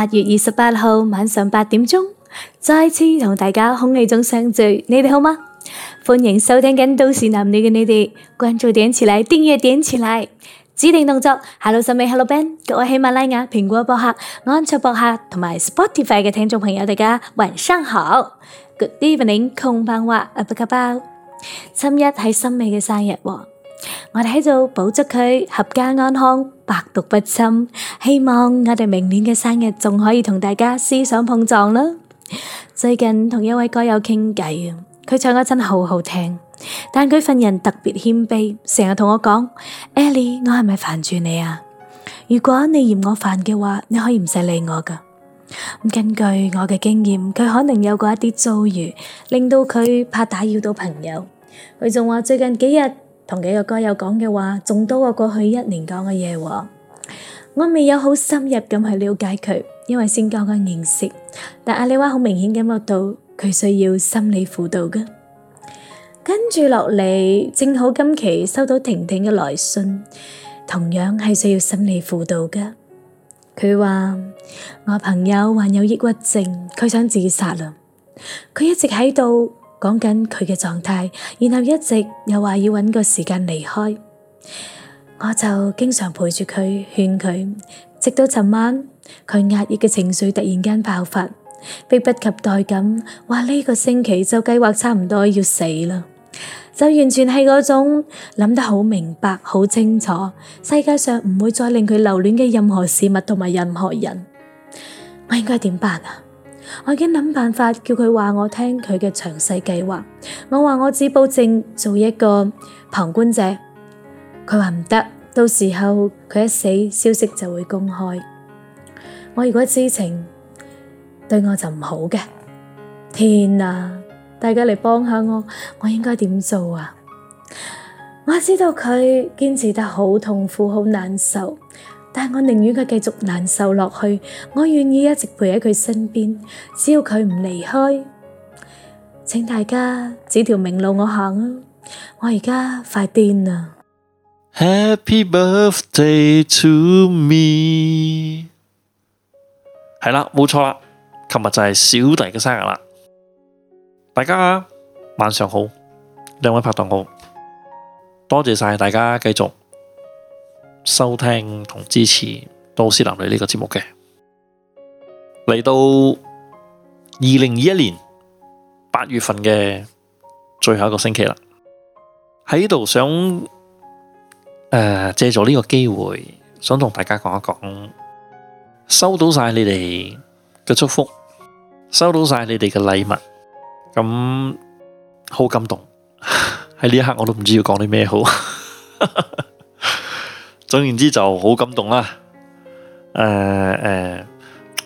八月二十八號晚上八點鐘，再次同大家空氣中相聚。你哋好嗎？歡迎收聽《緊都市男女》嘅你哋，關注點起來，訂閱點起來，指定動作。Hello，森美，Hello Ben，各位喜馬拉雅、蘋果播客、安卓播客同埋 Spotify 嘅聽眾朋友，大家晚上好。Good evening，空棒話阿不卡包，今日係森美嘅生日喎。我哋喺度保祝佢合家安康、百毒不侵。希望我哋明年嘅生日仲可以同大家思想碰撞啦。最近同一位歌友傾偈，佢唱歌真係好好聽，但佢份人特別謙卑，成日同我講，Ellie，我係咪煩住你啊？如果你嫌我煩嘅話，你可以唔使理我噶。根據我嘅經驗，佢可能有過一啲遭遇，令到佢怕打擾到朋友。佢仲話最近幾日。同幾個歌友講嘅話，仲多過過去一年講嘅嘢。我未有好深入咁去了解佢，因為先教佢認識。但阿你話好明顯感覺到，佢需要心理輔導嘅。跟住落嚟，正好今期收到婷婷嘅來信，同樣係需要心理輔導嘅。佢話我朋友患有抑鬱症，佢想自殺啦。佢一直喺度。講緊佢嘅狀態，然後一直又話要揾個時間離開，我就經常陪住佢勸佢，直到尋晚佢壓抑嘅情緒突然間爆發，迫不及待咁話呢個星期就計劃差唔多要死啦，就完全係嗰種諗得好明白、好清楚，世界上唔會再令佢留戀嘅任何事物同埋任何人，我應該點辦啊？我已經諗辦法叫佢話我聽佢嘅詳細計劃。我話我只保證做一個旁觀者，佢話唔得，到時候佢一死，消息就會公開。我如果知情，對我就唔好嘅。天啊，大家嚟幫下我，我應該點做啊？我知道佢堅持得好痛苦，好難受。但我寧願佢繼續難受落去，我願意一直陪喺佢身邊，只要佢唔離開。請大家指條明路我行。我而家快癲啦！Happy birthday to me！係 啦，冇錯啦，琴日就係小弟嘅生日啦！大家晚上好，兩位拍檔好，多謝曬大家繼續。收聽同支持都市男女呢個節目嘅，嚟到二零二一年八月份嘅最後一個星期啦，喺度想誒借助呢個機會，想同大家講一講，收到晒你哋嘅祝福，收到晒你哋嘅禮物，咁好感動，喺 呢一刻我都唔知要講啲咩好。 總言之就好感動啦，誒誒，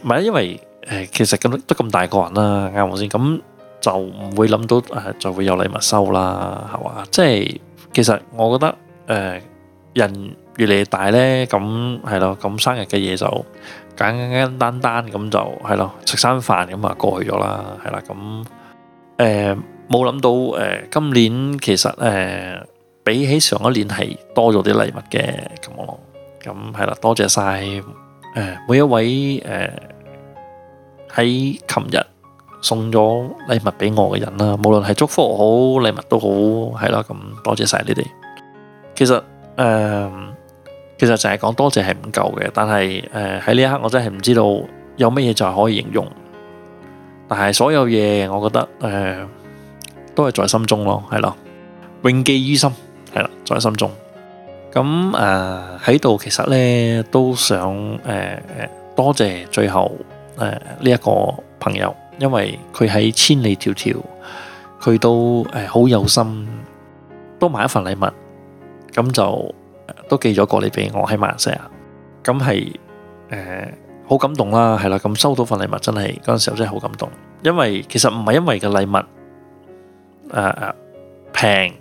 唔係因為誒，其實咁都咁大個人啦，啱唔啱先？咁就唔會諗到誒，就會有禮物收啦，係嘛？即係其實我覺得誒，人越嚟越大咧，咁係咯，咁生日嘅嘢就簡簡單單咁就係咯，食餐飯咁啊過去咗啦，係啦，咁誒冇諗到誒，今年其實誒。比起上一年係多咗啲禮物嘅咁咯，咁係啦，多謝晒誒每一位誒喺琴日送咗禮物俾我嘅人啦，無論係祝福又好禮物，都好係啦，咁多謝晒你哋。其實誒，其實淨係講多謝係唔夠嘅，但係誒喺呢一刻我真係唔知道有乜嘢就係可以形容，但係所有嘢我覺得誒都係在心中咯，係咯，永記於心。係啦，在心中咁啊喺度，其實咧都想誒誒多謝最後誒呢一個朋友，因為佢喺千里迢迢，佢都誒好有心，都買一份禮物，咁就都寄咗過嚟俾我喺馬來西亞，咁係誒好感動啦，係啦，咁收到份禮物真係嗰陣時候真係好感動，因為其實唔係因為個禮物誒誒平。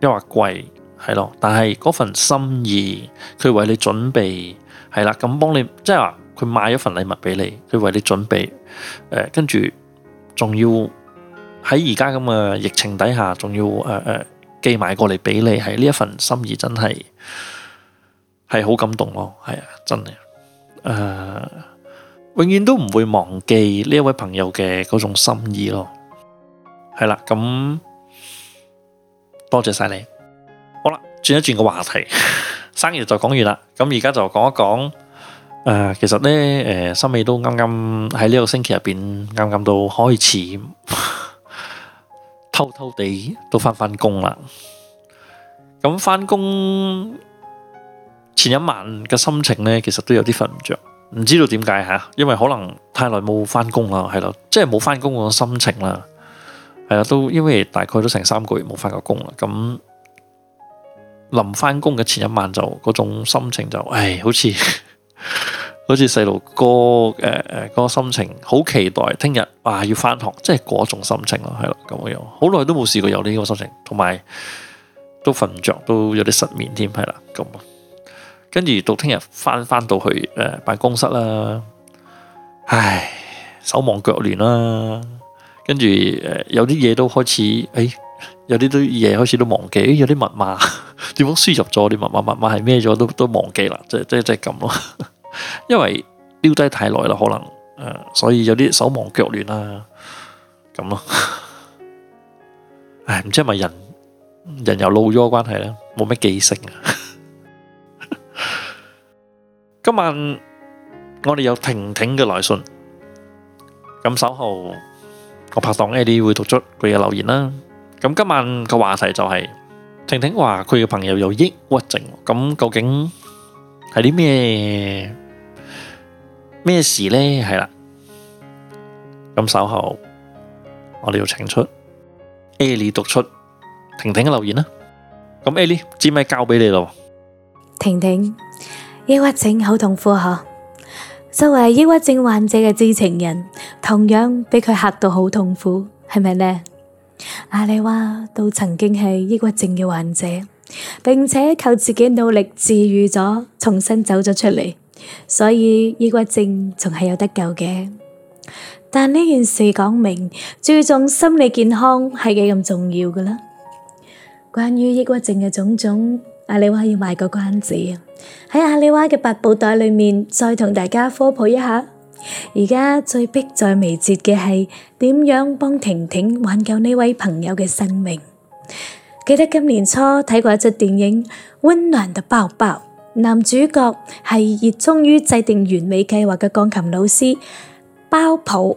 一話貴係咯，但係嗰份心意佢為你準備係啦，咁幫你即係話佢買一份禮物俾你，佢為你準備誒，跟住仲要喺而家咁嘅疫情底下，仲要誒誒寄埋過嚟俾你，係呢一份心意真係係好感動咯，係啊，真係誒、呃，永遠都唔會忘記呢一位朋友嘅嗰種心意咯，係啦，咁。多謝晒你。好啦，轉一轉個話題，生意就講完啦。咁而家就講一講誒，其實咧誒，森美都啱啱喺呢個星期入邊，啱啱到開始偷偷地都翻翻工啦。咁翻工前一晚嘅心情咧，其實都有啲瞓唔着，唔知道點解吓，因為可能太耐冇翻工啦，係啦，即係冇翻工嗰種心情啦。係啊，都因為大概都成三個月冇翻過工啦，咁臨翻工嘅前一晚就嗰種心情就，唉，好似好似細路哥，誒、呃、誒，嗰、嗰個心情好期待聽日，哇、呃，要翻學，即係嗰種心情咯，係咯，咁樣，好耐都冇試過有呢個心情，同埋都瞓唔着，都有啲失眠添，係啦，咁，跟住到聽日翻翻到去，誒、呃，辦公室啦，唉，手忙腳亂啦。跟住，誒，有啲嘢都開始，誒，有啲都嘢開始都忘記，誒，有啲密碼，點樣輸入咗啲密碼？密碼係咩咗都都忘記啦，即係即係即係咁咯。因為丟低太耐啦，可能誒，所以有啲手忙腳亂啦，咁咯。唉，唔知係咪人，人又老咗嘅關係咧，冇咩記性啊。今晚我哋有婷婷嘅來信，咁稍後。我拍檔 Ali 會讀出佢嘅留言啦。咁今晚個話題就係婷婷話佢嘅朋友有抑鬱症，咁究竟係啲咩咩事咧？係啦，咁稍後我哋要請出 Ali 讀出婷婷嘅留言啦。咁 Ali 支咪交俾你咯。婷婷，抑鬱症好痛苦吓。作為抑鬱症患者嘅知情人，同樣俾佢吓到好痛苦，係咪呢？阿里娃都曾經係抑鬱症嘅患者，並且靠自己努力治癒咗，重新走咗出嚟，所以抑鬱症仲係有得救嘅。但呢件事講明，注重心理健康係幾咁重要㗎啦。關於抑鬱症嘅種種，阿里娃要賣個關子。喺阿里娃嘅八寶袋裏面，再同大家科普一下。而家最迫在眉睫嘅係點樣幫婷婷挽救呢位朋友嘅生命。記得今年初睇過一隻電影《溫暖的抱抱》，男主角係熱衷於製定完美計劃嘅鋼琴老師包抱。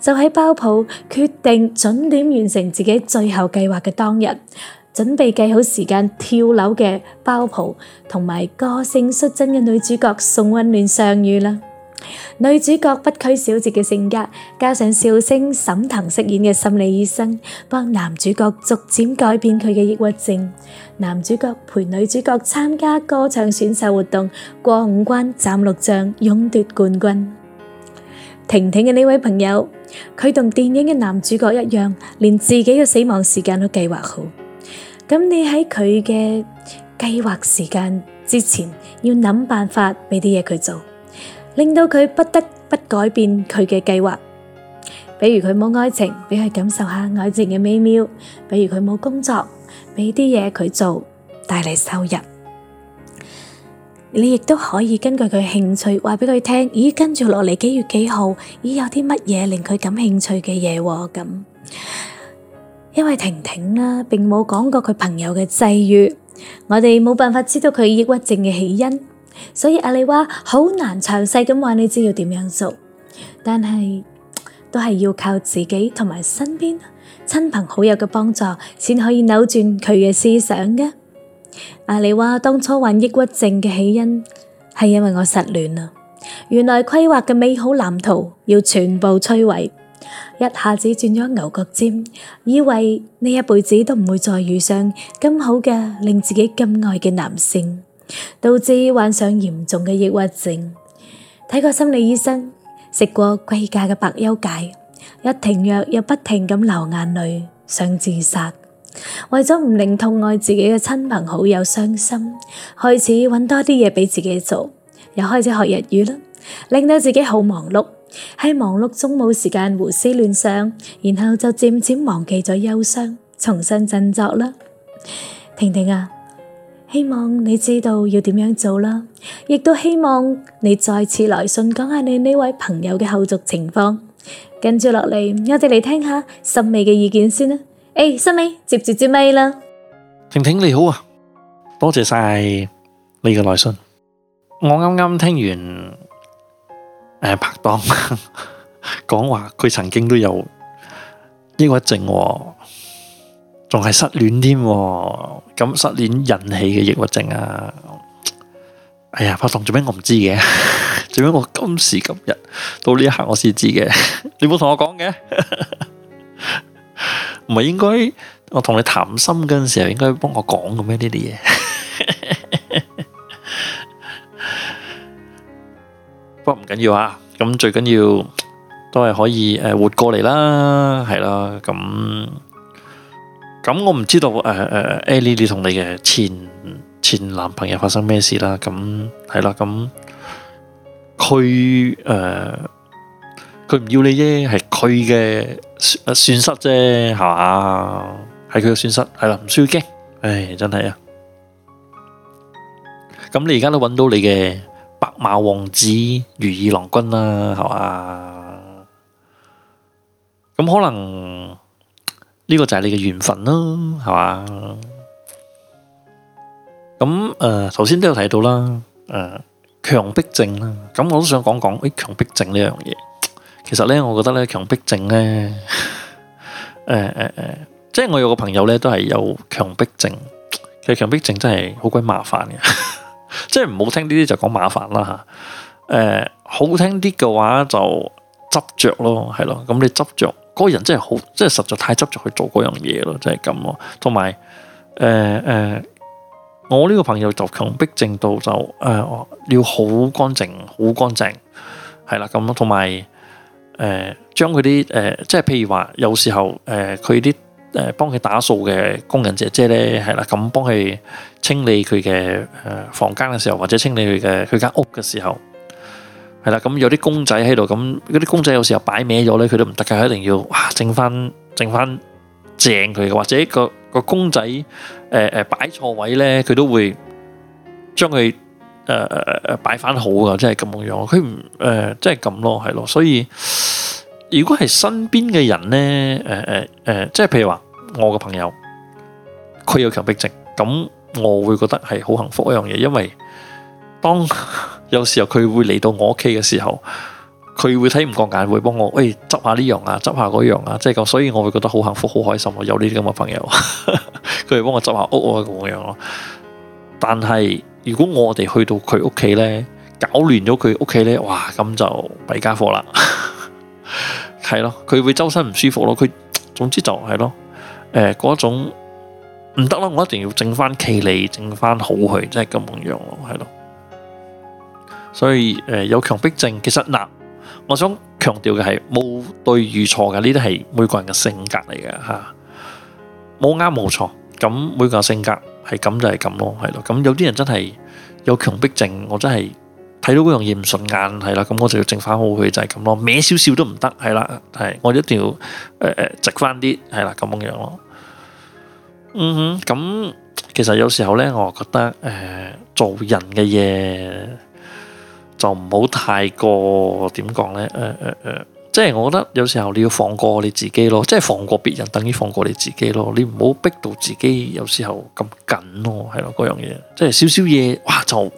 就喺包普決定準點完成自己最後計劃嘅當日，準備計好時間跳樓嘅包普同埋個性率真嘅女主角宋溫暖相遇啦。女主角不拘小節嘅性格，加上笑聲沈騰飾演嘅心理醫生，幫男主角逐漸改變佢嘅抑鬱症。男主角陪女主角參加歌唱選秀活動，過五關斬六將，勇奪冠軍。婷婷嘅呢位朋友，佢同電影嘅男主角一樣，連自己嘅死亡時間都計劃好。咁你喺佢嘅計劃時間之前，要諗辦法俾啲嘢佢做，令到佢不得不改變佢嘅計劃。比如佢冇愛情，俾佢感受下愛情嘅美妙；比如佢冇工作，俾啲嘢佢做，帶嚟收入。你亦都可以根據佢興趣話俾佢聽，咦？跟住落嚟幾月幾號？咦？有啲乜嘢令佢感興趣嘅嘢喎？咁，因為婷婷呢並冇講過佢朋友嘅際遇，我哋冇辦法知道佢抑鬱症嘅起因，所以阿莉話好難詳細咁話你知要點樣做，但係都係要靠自己同埋身邊親朋好友嘅幫助，先可以扭轉佢嘅思想嘅。阿、啊、你話當初患抑鬱症嘅起因係因為我失戀啦。原來規劃嘅美好藍圖要全部摧毀，一下子轉咗牛角尖，以為呢一輩子都唔會再遇上咁好嘅令自己咁愛嘅男性，導致患上嚴重嘅抑鬱症。睇過心理醫生，食過貴價嘅百憂解，一停藥又不停咁流眼淚，想自殺。為咗唔令痛愛自己嘅親朋好友傷心，開始揾多啲嘢俾自己做，又開始學日語啦，令到自己好忙碌。喺忙碌中冇時間胡思亂想，然後就漸漸忘記咗憂傷，重新振作啦。婷婷啊，希望你知道要點樣做啦，亦都希望你再次來信講下你呢位朋友嘅後續情況。跟住落嚟，我哋嚟聽，聽下心美嘅意見先啦。誒，新尾、欸、接住接尾啦，婷婷你好啊，多謝晒你嘅來信。我啱啱聽完誒、呃，拍檔講話佢曾經都有抑鬱症，仲、哦、係失戀添，咁、哦、失戀引起嘅抑鬱症啊。哎呀，拍檔做咩我唔知嘅？做咩我今時今日到呢一刻我先知嘅？你冇同我講嘅？呵呵唔係應該，我同你談心嗰陣時候，應該幫我講嘅咩呢啲嘢？不過唔緊要啊，咁最緊要都係可以誒活過嚟啦，係啦，咁咁我唔知道誒誒，Ellie 你同你嘅前前男朋友發生咩事啦？咁係啦，咁佢誒。佢唔要你啫，係佢嘅損失啫，係嘛？係佢嘅損失係啦，唔需要驚。唉，真係啊。咁你而家都揾到你嘅白馬王子如意郎君啦，係嘛？咁可能呢個就係你嘅緣分咯，係嘛？咁誒，頭先都有睇到啦，誒，強迫症啦。咁我都想講講誒，強迫症呢樣嘢。其實咧，我覺得咧，強迫症咧，誒誒誒，即係我有個朋友咧，都係有強迫症。其實強迫症真係好鬼麻煩嘅， 即係唔好聽呢啲就講麻煩啦嚇。誒好聽啲嘅話就執着咯，係咯。咁你執着，嗰、嗰個人真係好，即係實在太執着去做嗰樣嘢咯，即係咁咯。同埋誒誒，我呢個朋友就強迫症到就誒、呃、要好乾淨，好乾淨係啦。咁咯，同埋。誒，將佢啲誒，即係譬如話，有時候誒，佢啲誒，幫佢打掃嘅工人姐姐咧，係啦，咁幫佢清理佢嘅誒房間嘅時候，或者清理佢嘅佢間屋嘅時候，係啦，咁有啲公仔喺度，咁嗰啲公仔有時候擺歪咗咧，佢都唔得噶，一定要哇，整翻整翻正佢嘅，或者個個公仔誒誒擺錯位咧，佢都會將佢誒誒擺翻好噶，即係咁樣、呃、樣，佢唔誒即係咁咯，係咯，所以。所以如果係身邊嘅人呢，誒、呃、誒、呃呃、即係譬如話我嘅朋友，佢有強迫症，咁我會覺得係好幸福一樣嘢，因為當有時候佢會嚟到我屋企嘅時候，佢會睇唔過眼，會幫我，喂、哎，執下呢樣啊，執下嗰樣啊，即係咁，所以我會覺得好幸福，好開心啊，有呢啲咁嘅朋友，佢會幫我執下屋啊，咁樣咯。但係如果我哋去到佢屋企呢，搞亂咗佢屋企呢，哇，咁就弊家伙啦。係咯，佢會周身唔舒服咯，佢總之就係咯，誒嗰種唔得咯，我一定要整翻企嚟，整翻好佢，即係咁樣咯，係咯。所以誒有強迫症，其實嗱，我想強調嘅係冇對與錯嘅，呢啲係每個人嘅性格嚟嘅吓，冇啱冇錯，咁每個人性格係咁就係咁咯，係咯。咁有啲人真係有強迫症，我真係。睇到嗰樣嘢唔順眼，係啦，咁我就要整翻好佢，就係咁咯，歪少少都唔得，係啦，係，我一定要，誒、呃、誒，直翻啲，係啦，咁樣樣咯，嗯哼，咁其實有時候咧，我覺得，誒、呃，做人嘅嘢就唔好太過，點講咧，誒誒誒，即係我覺得有時候你要放過你自己咯，即係放過別人等於放過你自己咯，你唔好逼到自己，有時候咁緊咯，係咯，嗰樣嘢，即係少少嘢，哇就。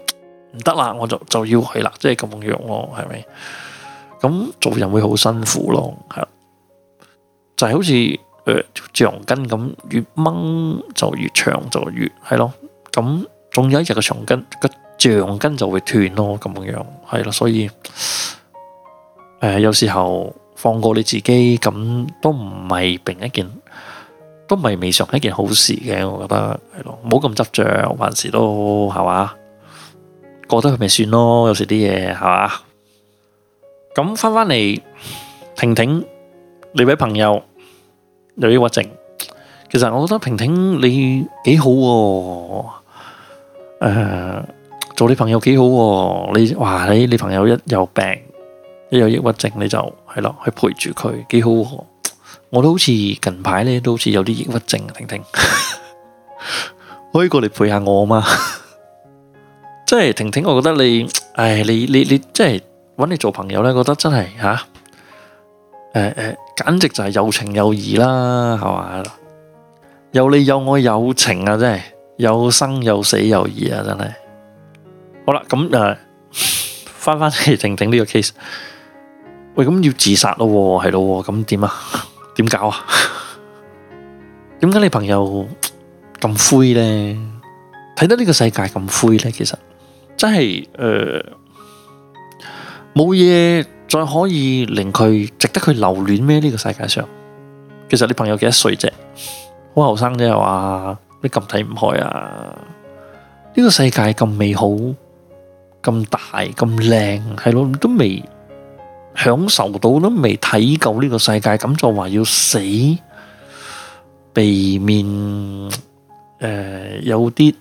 唔得啦，我就就要去啦，即係咁樣咯，係咪？咁做人會好辛苦咯，係就係、係、好似誒、呃、橡筋咁，越掹就越長，就越係咯。咁仲有一日個橡筋個橡筋就會斷咯，咁樣係咯。所以誒、呃，有時候放過你自己，咁都唔係並一件，都唔係未嘗係一件好事嘅。我覺得係咯，冇咁執着，還是都係嘛。我覺得佢咪算咯，有時啲嘢係嘛，咁翻返嚟，婷婷你位朋友有抑鬱症，其實我覺得婷婷你幾好、啊，誒、呃、做你朋友幾好、啊，你話你你朋友一有病，一有抑鬱症你就係咯去陪住佢，幾好、啊，我都好似近排咧，都好似有啲抑鬱症、啊，婷婷 可以過嚟陪下我嘛？ 即係婷婷，我覺得你，唉，你你你，即係搵你做朋友咧，覺得真係吓，誒誒，簡直就係有情有義啦，係嘛，有你有我有情啊，真係有生有死有義啊，真係。好啦，咁誒，翻翻嚟婷婷呢個 case，喂，咁要自殺咯，係咯，咁點啊？點搞啊？點解你朋友咁灰咧？睇得呢個世界咁灰咧？其實。真係誒，冇嘢再可以令佢值得佢留戀咩？呢個世界上，其實你朋友幾多歲啫，好後生啫，話你咁睇唔開啊？呢個世界咁美好，咁大，咁靚，係咯，都未享受到，都未睇夠呢個世界，咁就話要死，避免誒有啲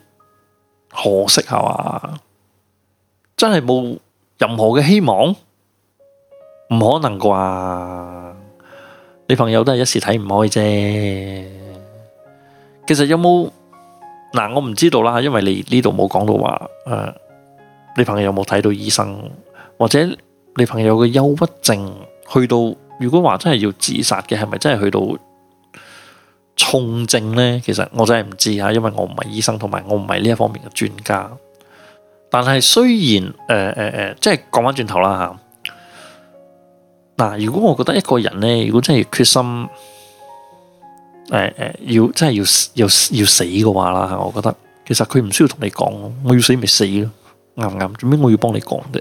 可惜係嘛？真係冇任何嘅希望，唔可能啩？你朋友都係一時睇唔開啫。其實有冇嗱？我唔知道啦，因為你呢度冇講到話誒，你朋友有冇睇到醫生，或者你朋友嘅憂鬱症去到，如果話真係要自殺嘅，係咪真係去到重症呢？其實我真係唔知啊，因為我唔係醫生，同埋我唔係呢一方面嘅專家。但係雖然誒誒誒，即係講翻轉頭啦吓。嗱，如果我覺得一個人咧，如果真係決心誒誒、呃呃，要真係要要要死嘅話啦吓，我覺得其實佢唔需要同你講，我要死咪死咯，啱唔啱？做咩我要幫你講啫？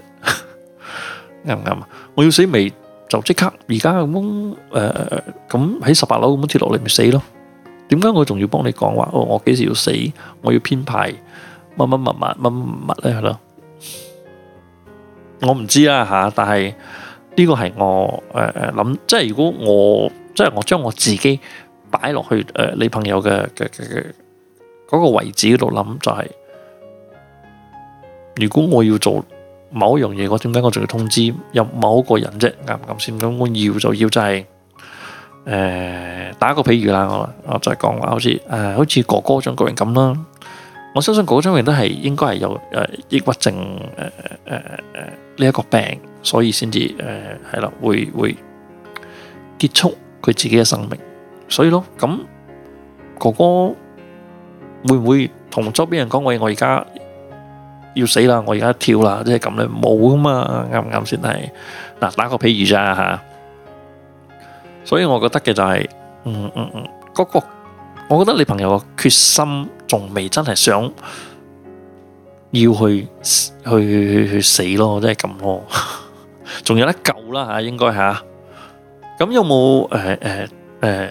啱唔啱啊？我要死咪就即刻，而家咁誒咁喺十八樓咁樣跌落嚟咪死咯？點解我仲要幫你講話？哦，我幾時要死？我要編排。乜乜乜乜乜乜乜咧係咯，我唔知啦吓、啊，但係呢個係我誒諗、呃，即係如果我即係我將我自己擺落去誒、呃、你朋友嘅嘅嘅嗰個位置嗰度諗，就係如果我要做某一樣嘢，我點解我仲要通知有某一個人啫？啱唔啱先？咁我要就要就係、是、誒、呃，打個譬如啦，我我再講話、啊，好似誒、啊，好似哥哥種個人咁啦。啊我相信嗰種人都係應該係有誒抑鬱症誒誒誒呢一個病，所以先至誒係啦，會會結束佢自己嘅生命。所以咯，咁哥哥會唔會同周邊人講我我而家要死啦，我而家跳啦，即係咁樣冇啊嘛？啱唔啱先係？嗱，打個比喻咋吓？所以我覺得嘅就係，嗯嗯嗯，哥哥，我覺得你朋友嘅決心。仲未真係想要去去去、去死咯，即係咁咯。仲有得救啦吓，應該係。咁有冇誒誒誒，帶、呃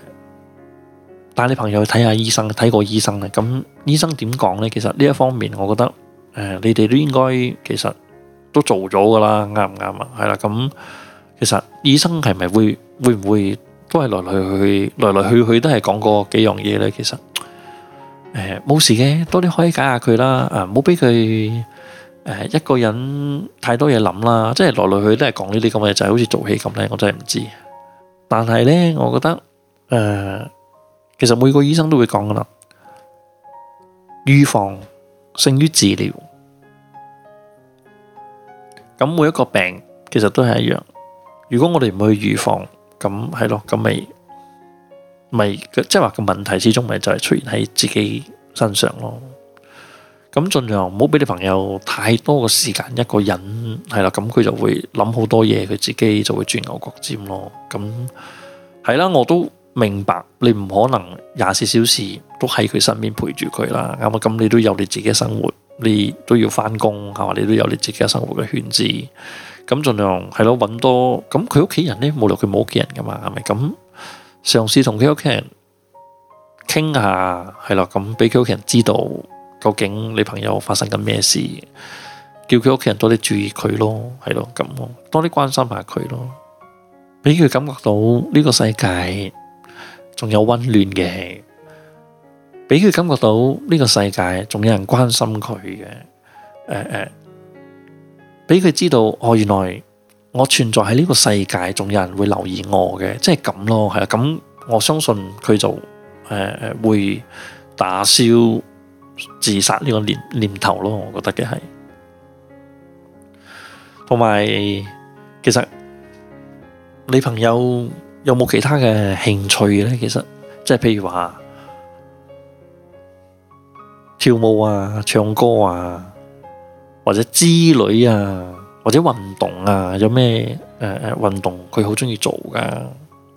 呃、你朋友去睇下醫生，睇過醫生咧？咁醫生點講咧？其實呢一方面，我覺得誒、呃，你哋都應該其實都做咗噶啦，啱唔啱啊？係啦，咁其實醫生係咪會會唔會都係來來去去來來去去都係講過幾樣嘢咧？其實。誒，冇事嘅，多啲可以解下佢啦。啊，唔好俾佢誒一個人太多嘢諗啦。即係來來去去都係講呢啲咁嘅嘢，就係，好似做戲咁咧，我真係唔知。但係呢，我覺得誒、呃，其實每個醫生都會講噶啦，預防勝於治療。咁每一個病其實都係一樣。如果我哋唔去預防，咁係咯，咁咪。咪即係話個問題，始終咪就係出現喺自己身上咯。咁盡量唔好俾你朋友太多嘅時間一個人，係啦，咁佢就會諗好多嘢，佢自己就會鑽牛角尖咯。咁係啦，我都明白你唔可能廿四小時都喺佢身邊陪住佢啦。啱啊，咁你都有你自己嘅生活，你都要翻工係嘛，你都有你自己嘅生活嘅圈子。咁盡量係咯，搵多咁佢屋企人咧，冇理由佢冇屋企人噶嘛，係咪咁？嘗試同佢屋企人傾下，係咯，咁俾佢屋企人知道究竟你朋友發生緊咩事，叫佢屋企人多啲注意佢咯，係咯，咁咯，多啲關心下佢咯，俾佢感覺到呢個世界仲有溫暖嘅，俾佢感覺到呢個世界仲有人關心佢嘅，誒、呃、誒，俾、呃、佢知道哦，原來。我存在喺呢個世界，仲有人會留意我嘅，即係咁咯，係啊，咁我相信佢就誒、呃、會打消自殺呢個念念頭咯，我覺得嘅係。同埋，其實你朋友有冇其他嘅興趣咧？其實即係譬如話跳舞啊、唱歌啊，或者之類啊。或者運動啊，有咩誒誒運動佢好鍾意做㗎，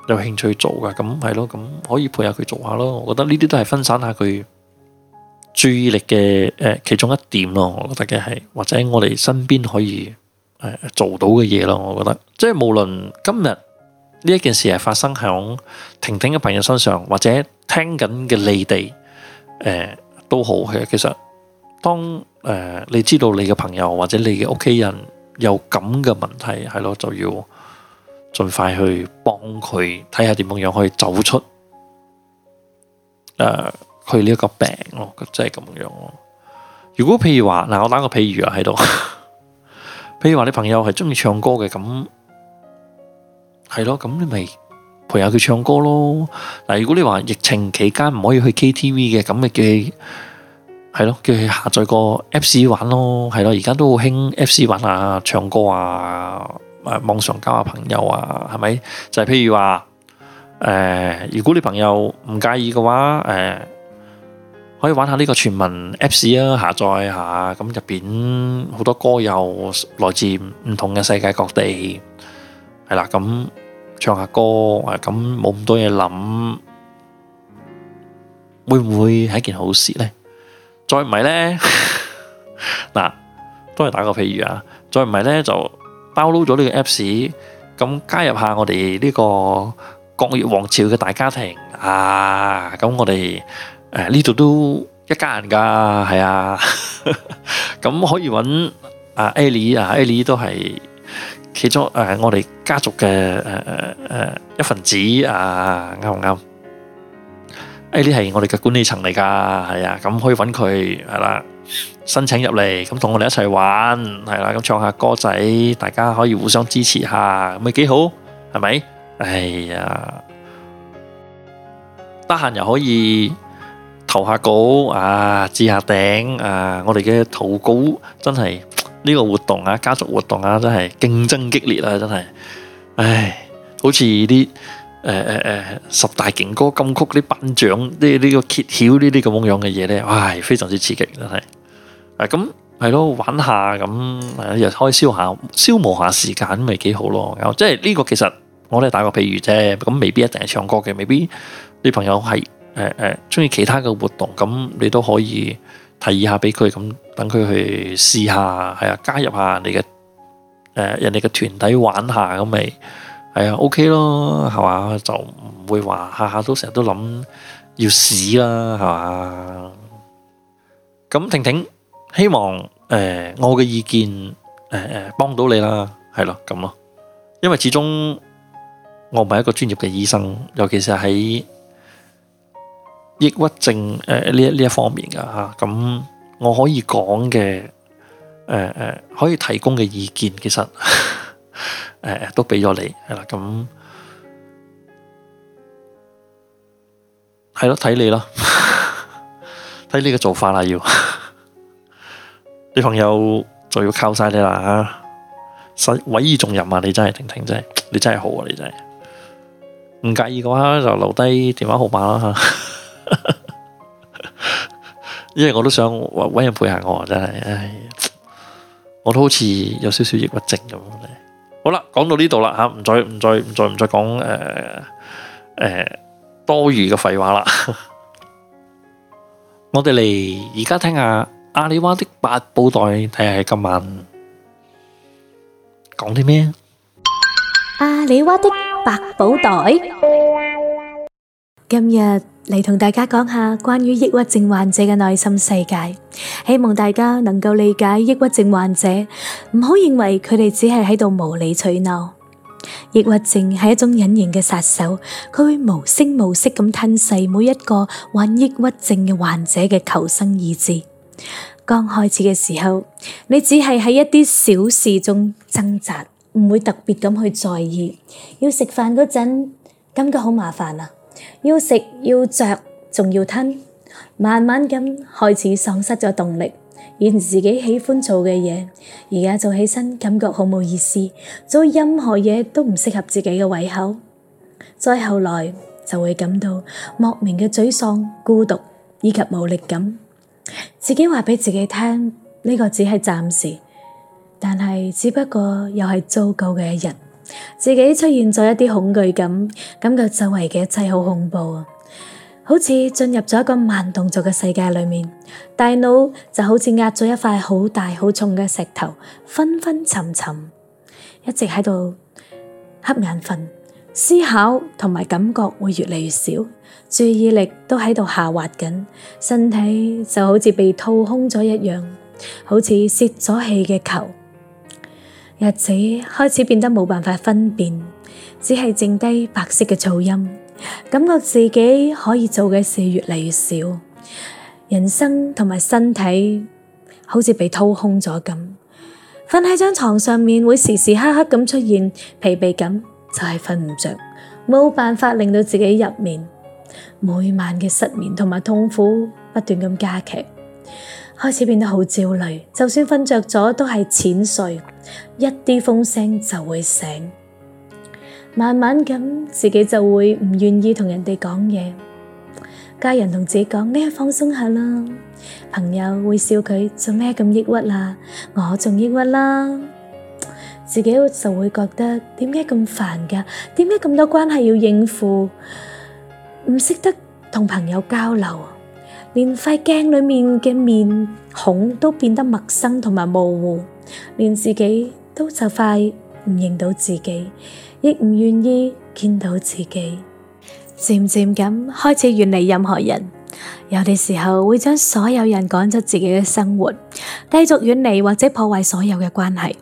有興趣做㗎咁係咯，咁、嗯嗯、可以配合佢做下咯。我覺得呢啲都係分散下佢注意力嘅誒、呃、其中一點咯。我覺得嘅係或者我哋身邊可以誒、呃、做到嘅嘢咯。我覺得即係無論今日呢一件事係發生響婷婷嘅朋友身上，或者聽緊嘅你哋誒、呃、都好。其實當誒、呃、你知道你嘅朋友或者你嘅屋企人。有咁嘅問題係咯，就要盡快去幫佢睇下點樣樣可以走出誒佢呢一個病咯，即係咁樣咯。如果譬如話，嗱，我打個譬如啊喺度， 譬如話你朋友係中意唱歌嘅，咁係咯，咁你咪陪下佢唱歌咯。嗱，如果你話疫情期間唔可以去 KTV 嘅，咁咪嘅。係咯，叫佢下載個 Apps 玩咯，係咯，而家都好興 Apps 玩啊，唱歌啊，誒，網上交下朋友啊，係咪？就係譬如話，誒，如果你朋友唔介意嘅話，誒，可以玩下呢個全民 Apps 啊，下載一下，咁入邊好多歌又來自唔同嘅世界各地，係啦，咁唱下歌啊，咁冇咁多嘢諗，會唔會係一件好事咧？再唔係咧，嗱，都係打個譬如啊，再唔係咧就 download 咗呢個 apps，咁加入下我哋呢個國粵王朝嘅大家庭啊，咁我哋誒呢度都一家人噶，係啊，咁可以揾阿 Ellie，阿 Ellie 都係其中誒我哋家族嘅誒誒一份子啊，啱唔啱？呢啲係我哋嘅管理層嚟噶，係啊，咁可以搵佢係啦，申請入嚟，咁同我哋一齊玩，係啦，咁唱下歌仔，大家可以互相支持下，咪幾好，係咪？哎呀，得閒又可以投下稿啊，置下頂啊，我哋嘅投稿真係呢個活動啊，家族活動啊，真係競爭激烈啊，真係，唉，好似啲。誒誒誒，十大勁歌金曲啲頒獎，啲呢個揭曉，呢啲咁樣樣嘅嘢咧，唉，非常之刺激，真係啊！咁係咯，玩下咁，又開消下，消磨下時間，咪幾好咯。即係呢個其實我哋打個比喻啫，咁未必一定係唱歌嘅，未必啲朋友係誒誒，中意其他嘅活動，咁你都可以提議下俾佢，咁等佢去試下，係啊，加入下人哋嘅誒人哋嘅團體玩下咁咪。係啊，OK 咯，係嘛，就唔會話下下都成日都諗要死啦，係嘛。咁婷婷，希望誒、呃、我嘅意見誒誒幫到你啦，係咯咁咯。因為始終我唔係一個專業嘅醫生，尤其是喺抑鬱症誒呢、呃、一呢一方面噶吓，咁、呃嗯、我可以講嘅誒誒可以提供嘅意見，其實。 誒都俾咗你係啦，咁係咯，睇你咯，睇你嘅做法啦。要 你朋友就要靠晒你啦吓，委、啊、委以重任啊！你真係婷婷，真係你真係好啊！你真係唔介意嘅話，就留低電話號碼啦吓， 因為我都想搵人陪下我，真係唉，我都好似有少少抑鬱症咁。好啦，講到呢度啦吓，唔再唔再唔再唔再講誒誒多餘嘅廢話啦。 我哋嚟而家聽下阿里娃的百寶袋，睇下係今晚講啲咩。阿里娃的百寶袋，今日。嚟同大家講下關於抑鬱症患者嘅內心世界，希望大家能夠理解抑鬱症患者，唔好認為佢哋只係喺度無理取鬧。抑鬱症係一種隱形嘅殺手，佢會無聲無息咁吞噬每一個患抑鬱症嘅患者嘅求生意志。剛開始嘅時候，你只係喺一啲小事中掙扎，唔會特別咁去在意。要食飯嗰陣，感覺好麻煩啊。要食要着，仲要吞，慢慢咁開始喪失咗動力，以前自己喜歡做嘅嘢，而家做起身感覺好冇意思，做任何嘢都唔適合自己嘅胃口。再後來就會感到莫名嘅沮喪、孤獨以及無力感。自己話俾自己聽，呢個只係暫時，但係只不過又係糟糕嘅一日。自己出現咗一啲恐懼感，感覺周圍嘅一切好恐怖啊，好似進入咗一個慢動作嘅世界裏面，大腦就好似壓咗一塊好大好重嘅石頭，昏昏沉沉，一直喺度瞌眼瞓，思考同埋感覺會越嚟越少，注意力都喺度下滑緊，身體就好似被掏空咗一樣，好似泄咗氣嘅球。日子開始變得冇辦法分辨，只係剩低白色嘅噪音，感覺自己可以做嘅事越嚟越少，人生同埋身體好似被掏空咗咁。瞓喺張床上面會時時刻刻咁出現疲憊感，就係瞓唔着，冇辦法令到自己入眠。每晚嘅失眠同埋痛苦不斷咁加劇，開始變得好焦慮。就算瞓着咗，都係淺睡。一啲風聲就會醒，慢慢咁自己就會唔願意同人哋講嘢。家人同自己講咩，放鬆下啦。朋友會笑佢做咩咁抑鬱啦、啊？我仲抑鬱啦、啊。自己就會覺得點解咁煩噶？點解咁多關係要應付？唔識得同朋友交流，連塊鏡裏面嘅面孔都變得陌生同埋模糊。連自己都就快唔認到自己，亦唔願意見到自己，漸漸咁開始遠離任何人。有的時候會將所有人趕出自己嘅生活，繼續遠離或者破壞所有嘅關係，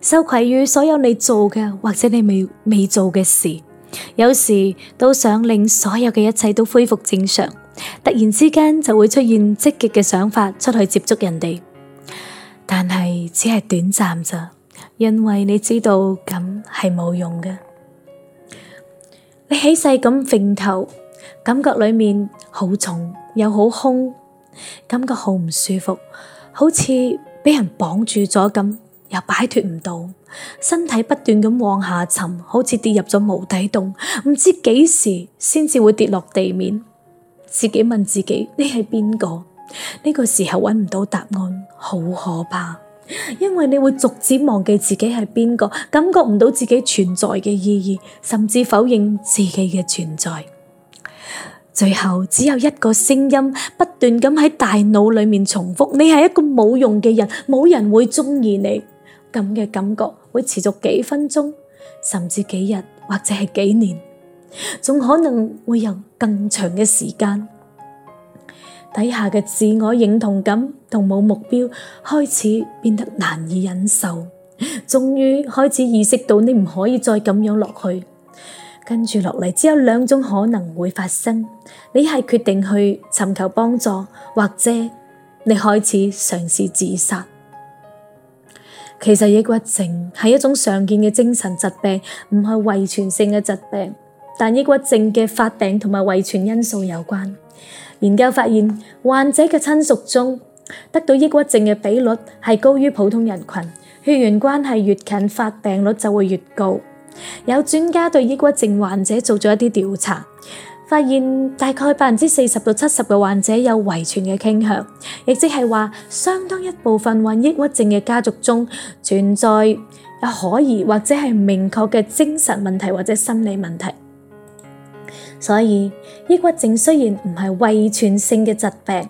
羞愧於所有你做嘅或者你未，未做嘅事。有時都想令所有嘅一切都恢復正常，突然之間就會出現積極嘅想法，出去接觸人哋。但係只係短暫咋，因為你知道咁係冇用嘅。你起勢咁揈頭，感覺裏面好重又好空，感覺好唔舒服，好似俾人綁住咗咁，又擺脱唔到。身體不斷咁往下沉，好似跌入咗無底洞，唔知幾時先至會跌落地面。自己問自己：你係邊個？呢個時候揾唔到答案，好可怕，因為你會逐漸忘記自己係邊個，感覺唔到自己存在嘅意義，甚至否認自己嘅存在。最後只有一個聲音不斷咁喺大腦裏面重複：你係一個冇用嘅人，冇人會中意你。咁嘅感覺會持續幾分鐘，甚至幾日，或者係幾年，仲可能會有更長嘅時間。底下嘅自我認同感同冇目標，開始變得難以忍受，終於開始意識到你唔可以再咁樣落去。跟住落嚟，只有兩種可能會發生：你係決定去尋求幫助，或者你開始嘗試自殺。其實抑鬱症係一種常見嘅精神疾病，唔係遺傳性嘅疾病，但抑鬱症嘅發病同埋遺傳因素有關。研究發現，患者嘅親屬中得到抑鬱症嘅比率係高於普通人群。血緣關係越近，發病率就會越高。有專家對抑鬱症患者做咗一啲調查，發現大概百分之四十到七十嘅患者有遺傳嘅傾向，亦即係話相當一部分患抑鬱症嘅家族中存在有可疑或者係明確嘅精神問題或者心理問題。所以，抑鬱症雖然唔係遺傳性嘅疾病，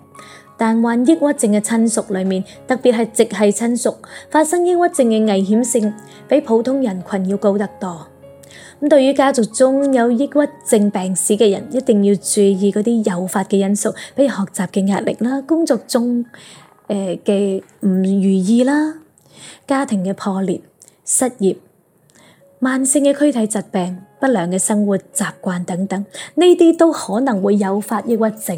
但患抑鬱症嘅親屬裏面，特別係直系親屬發生抑鬱症嘅危險性，比普通人群要高得多。咁對於家族中有抑鬱症病史嘅人，一定要注意嗰啲誘發嘅因素，比如學習嘅壓力啦、工作中誒嘅唔如意啦、家庭嘅破裂、失業、慢性嘅軀體疾病。不良嘅生活習慣等等，呢啲都可能會誘發抑鬱症。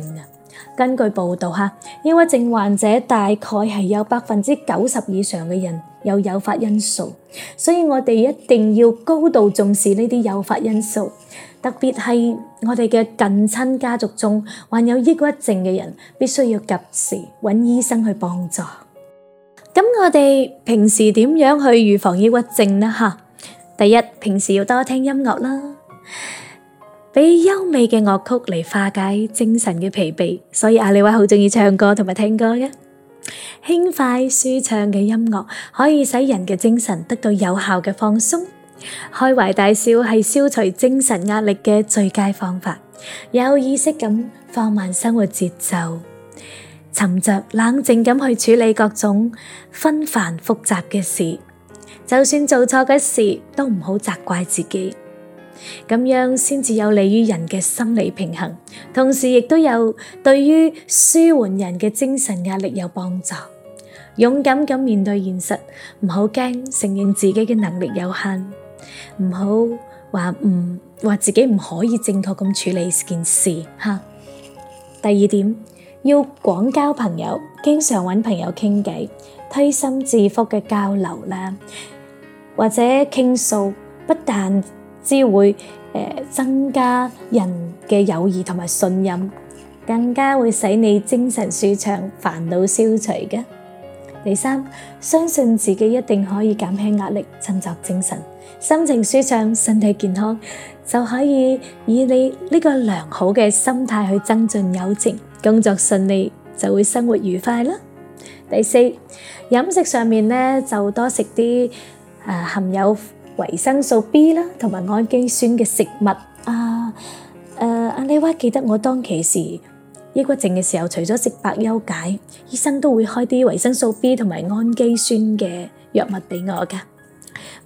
根據報道吓，抑鬱症患者大概係有百分之九十以上嘅人有誘發因素，所以我哋一定要高度重視呢啲誘發因素，特別係我哋嘅近親家族中患有抑鬱症嘅人，必須要及時搵醫生去幫助。咁我哋平時點樣去預防抑鬱症呢？吓？第一，平時要多聽音樂啦，俾優美嘅樂曲嚟化解精神嘅疲憊。所以阿里威好中意唱歌同埋聽歌嘅，輕快舒暢嘅音樂可以使人嘅精神得到有效嘅放鬆。開懷大笑係消除精神壓力嘅最佳方法。有意識咁放慢生活節奏，沉着冷靜咁去處理各種紛繁複雜嘅事。就算做錯嘅事，都唔好責怪自己，咁樣先至有利於人嘅心理平衡，同時亦都有對於舒緩人嘅精神壓力有幫助。勇敢咁面對現實，唔好驚，承認自己嘅能力有限，唔好話唔話自己唔可以正確咁處理這件事。第二點，要廣交朋友，經常搵朋友傾偈。推心置腹嘅交流啦，或者傾訴，不但只會誒增加人嘅友誼同埋信任，更加會使你精神舒暢、煩惱消除嘅。第三，相信自己一定可以減輕壓力、振作精神、心情舒暢、身體健康，就可以以你呢個良好嘅心態去增進友情，工作順利就會生活愉快啦。第四，飲食上面呢，就多食啲、呃、含有維生素 B 啦，同埋氨基酸嘅食物啊。誒、啊，阿你話、啊、記得我當其時抑鬱症嘅時候，除咗食百優解，醫生都會開啲維生素 B 同埋氨基酸嘅藥物畀我噶。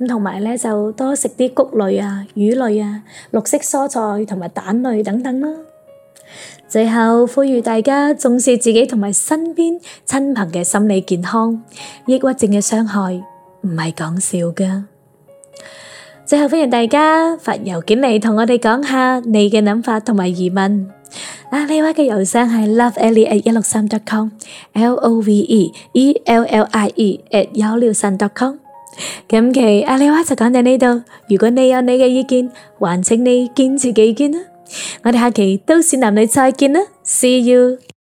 同埋咧就多食啲穀類啊、魚類啊、綠色蔬菜同埋蛋類等等啦。最後呼籲大家重視自己同埋身邊親朋嘅心理健康，抑鬱症嘅傷害唔係講笑噶。最後歡迎大家發郵件嚟同我哋講下你嘅諗法同埋疑問。阿麗話嘅郵箱係 l o v e l l i at 幺六三點 com，L O V E E L L I E at 幺六三點 com。今期，阿麗話就講到呢度。如果你有你嘅意見，還請你堅持己見啦。我哋下期都市男女再見啦，See you。